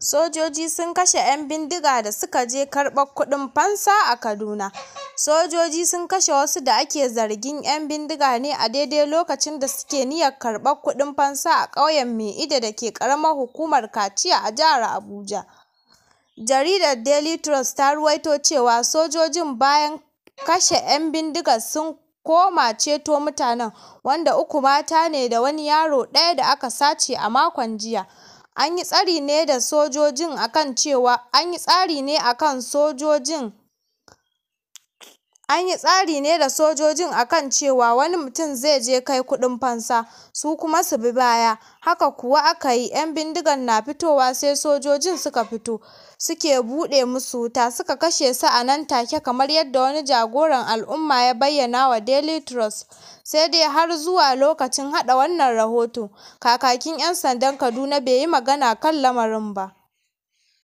Sojoji sun kashe ‘yan bindiga da suka je karɓar kuɗin fansa a Kaduna. Sojoji sun kashe wasu da ake zargin ‘yan bindiga ne a daidai lokacin da suke niyyar karɓar kuɗin fansa a ƙauyen mai ido da ke ƙaramar hukumar kaciya a jihar Abuja. Jaridar Daily Trust ta ruwaito cewa sojojin bayan kashe ‘yan bindiga sun koma ceto mutanen, wanda uku mata ne da wani yaro ɗaya da aka sace a makon jiya. an yi tsari ne da sojojin akan cewa an yi tsari ne akan sojojin An yi tsari ne da sojojin a kan cewa wani mutum zai je kai kuɗin fansa, su kuma su bi baya, haka kuwa aka yi, ‘yan bindigar na fitowa sai sojojin suka fito, suke buɗe musu wuta, suka kashe su a nan take kamar yadda wani jagoran al'umma ya bayyana wa Daily Trust, sai dai har zuwa lokacin haɗa wannan rahoto, kakakin ‘yan sandan Kaduna bai yi magana kan lamarin ba.